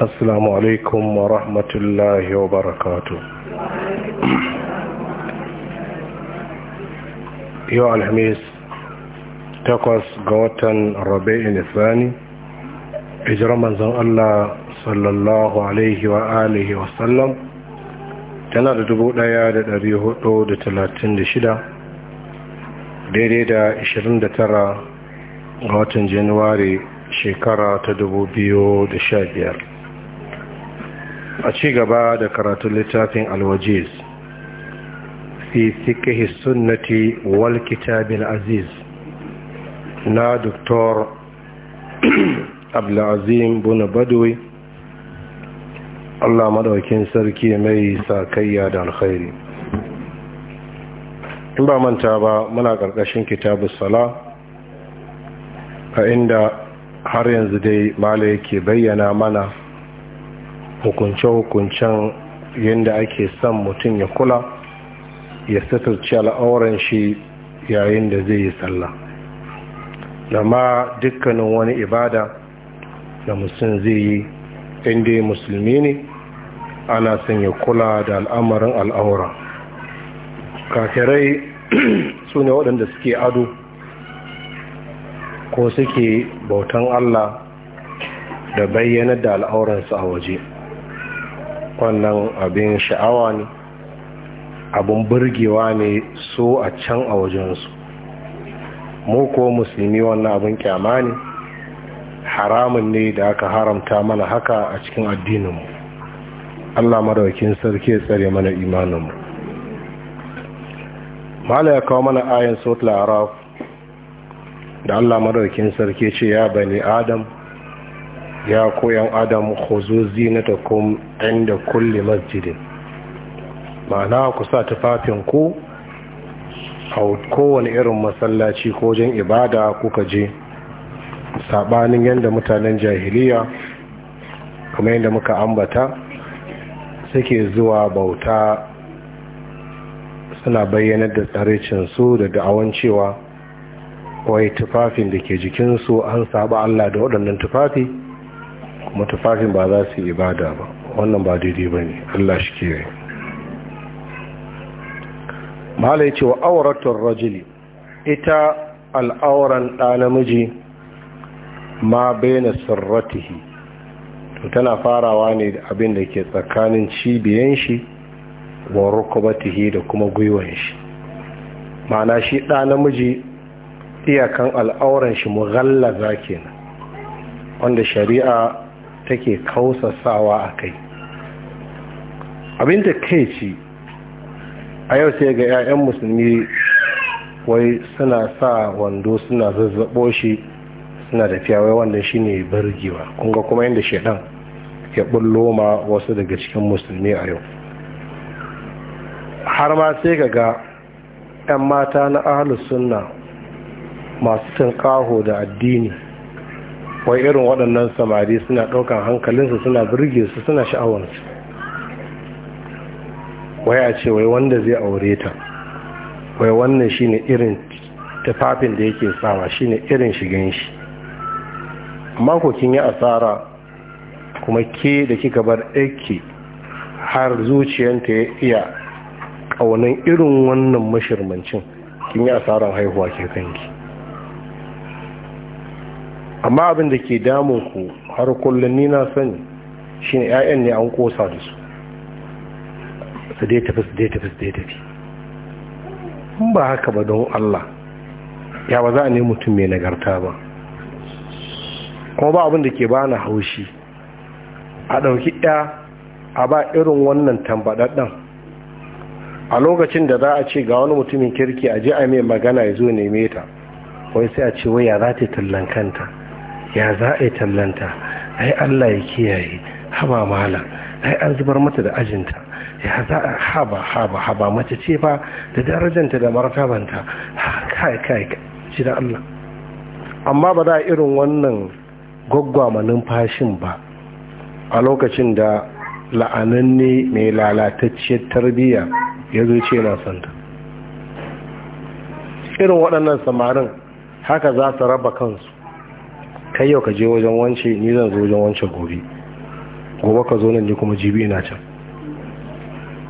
assalamu alaikum wa rahmatullahi wa barakatu yau alhamis takwas ga watan rabi'in isani ijirar manzon Allah sallallahu alaihi wa alihi wa sallam tana da dubu ɗaya da da da hudu da shida, daidai da ishirin da tara ga watan januwari shekara ta dubu biyu da sha biyar. a ci gaba da karatun littafin alwajiz fi fiqh sunnati wal kitabil aziz na doktor abdulazim buna badawi Allah maɗaukin sarki mai kayya da alkhairi in ba manta ba muna ƙarƙashin kitabu sala a inda har yanzu dai mala ke bayyana mana hukunce-hukuncen yadda ake son mutum ya kula ya sassarci al'auran shi yayin da zai yi sallah da ma dukkanin wani ibada da musulun zai yi inda musulmi ne ana son ya kula da al'amarin al'aura kafirai su ne waɗanda suke ado ko suke bautan allah da bayyanar da al'auransu a waje wannan abin sha'awa ne abin burgewa ne so a can a wajensu mu ko musulmi wannan abin kyama ne haramun ne da aka haramta mana haka a cikin addininmu allah madawakin sarki ya tsare mana imaninmu mala ya kawo mana ayin sautul araf da allah madawakin sarki ce ya bani adam ya koyan adam khuzu zinatakum inda kulli masjidin ma'ana ku sa tufafin ku a kowane irin masallaci ko wajen ibada kuka je sabanin yadda mutanen jahiliya kamar yadda muka ambata suke zuwa bauta suna bayyanar da tsarecinsu da da'awan cewa wai tufafin da ke jikinsu an saba Allah da waɗannan tufafi Mutufafin ba za su yi ibada ba wannan ba daidai ba ne allah shi ke mahalai cewa auratun rajili ita al'auran ɗa namiji ma na sirratihi to tana farawa ne abin da ke tsakanin cibiyan shi wa rukubatihi da kuma gwiwan shi ma'ana shi ɗa namiji iyakan al'auran shi za kenan wanda shari'a take kausasawa a kai abinda kai ci a yau sai ga 'ya'yan musulmi wai suna sa wando suna zazzabo shi suna da fiyawai wanda shi ne birgewa kunga kuma yadda shaidan ya bullo ma wasu daga cikin musulmi a yau har ma sai ga ga 'yan mata na ahalus sunna masu tunƙaho da addini wai irin waɗannan samari suna ɗaukan hankalinsu suna birge su suna sha'awarsu wai a ce wai wanda zai aure ta wai wannan shine irin tufafin da yake sawa shine irin shigen shi amma ko kin yi asara kuma ke da kika bar ɗaki har zuciyanta ya iya ƙaunin irin wannan mashirmancin kin yi asaran haihuwa ke kanki amma abin da ke damun ku har kullum ni na sani shine 'ya'yan ne an kosa da su su dai tafi su dai tafi su dai tafi in ba haka ba don Allah ya ba za a ne mutum mai nagarta ba kuma ba abin da ke ba na haushi a ɗauki ɗaya a ba irin wannan tambaɗaɗɗen a lokacin da za a ce ga wani mutumin kirki a je a mai magana ya zo neme ta wai sai a ce waya ya za ta tallan kanta ya za a yi tallanta ai allah ya kiyaye haba mala ai an zubar mata da ajinta ya za a haba haba haba mace ce ba da darajanta da martabanta kai kai ci da allah amma ba za a irin wannan ma numfashin ba a lokacin da la'ananne mai lalatacciyar tarbiyya ya zo ce na santa irin waɗannan samarin haka za su raba kansu kai yau ka je wajen wance ni zan zo wajen wancan gobe gobe ka zo nan ne kuma jibi na can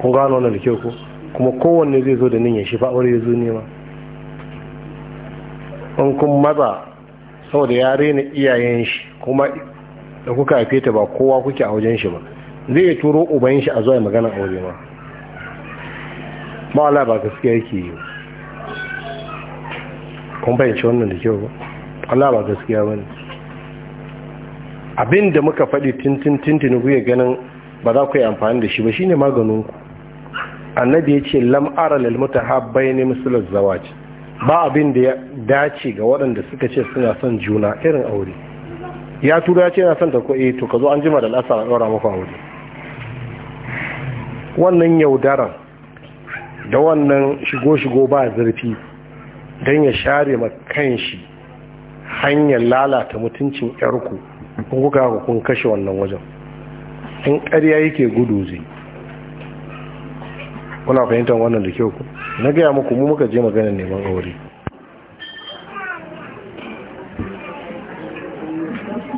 kun gano wannan da kyau ko kuma kowanne zai zo da ya shi fa aure ya zo nema in kun maza saboda ya rena iyayen shi kuma da kuka haife ta ba kowa kuke a wajen shi ba zai turo uban shi a zuwa magana aure ma ba Allah ba gaskiya yake yi kun fahimci wannan da kyau ba Allah ba gaskiya bane abin da muka faɗi tintin tintin guye ganin ba za ku yi amfani da shi ba shine maganin ku annabi ya ce lam ara lil ne misal zawaci ba abin da ya dace ga waɗanda suka ce suna son juna irin aure ya tura ya ce yana son ta ko eh, to ka zo an jima da lasa a ɗora muku aure wannan yaudaran da wannan shigo-shigo ba zurfi don ya share ma kanshi hanyar lalata mutuncin 'yarku kun kuka kun kashe wannan wajen in ƙarya yake gudu zai kuna fahimtar wannan da kyau ku na gaya muku mu muka je maganar neman aure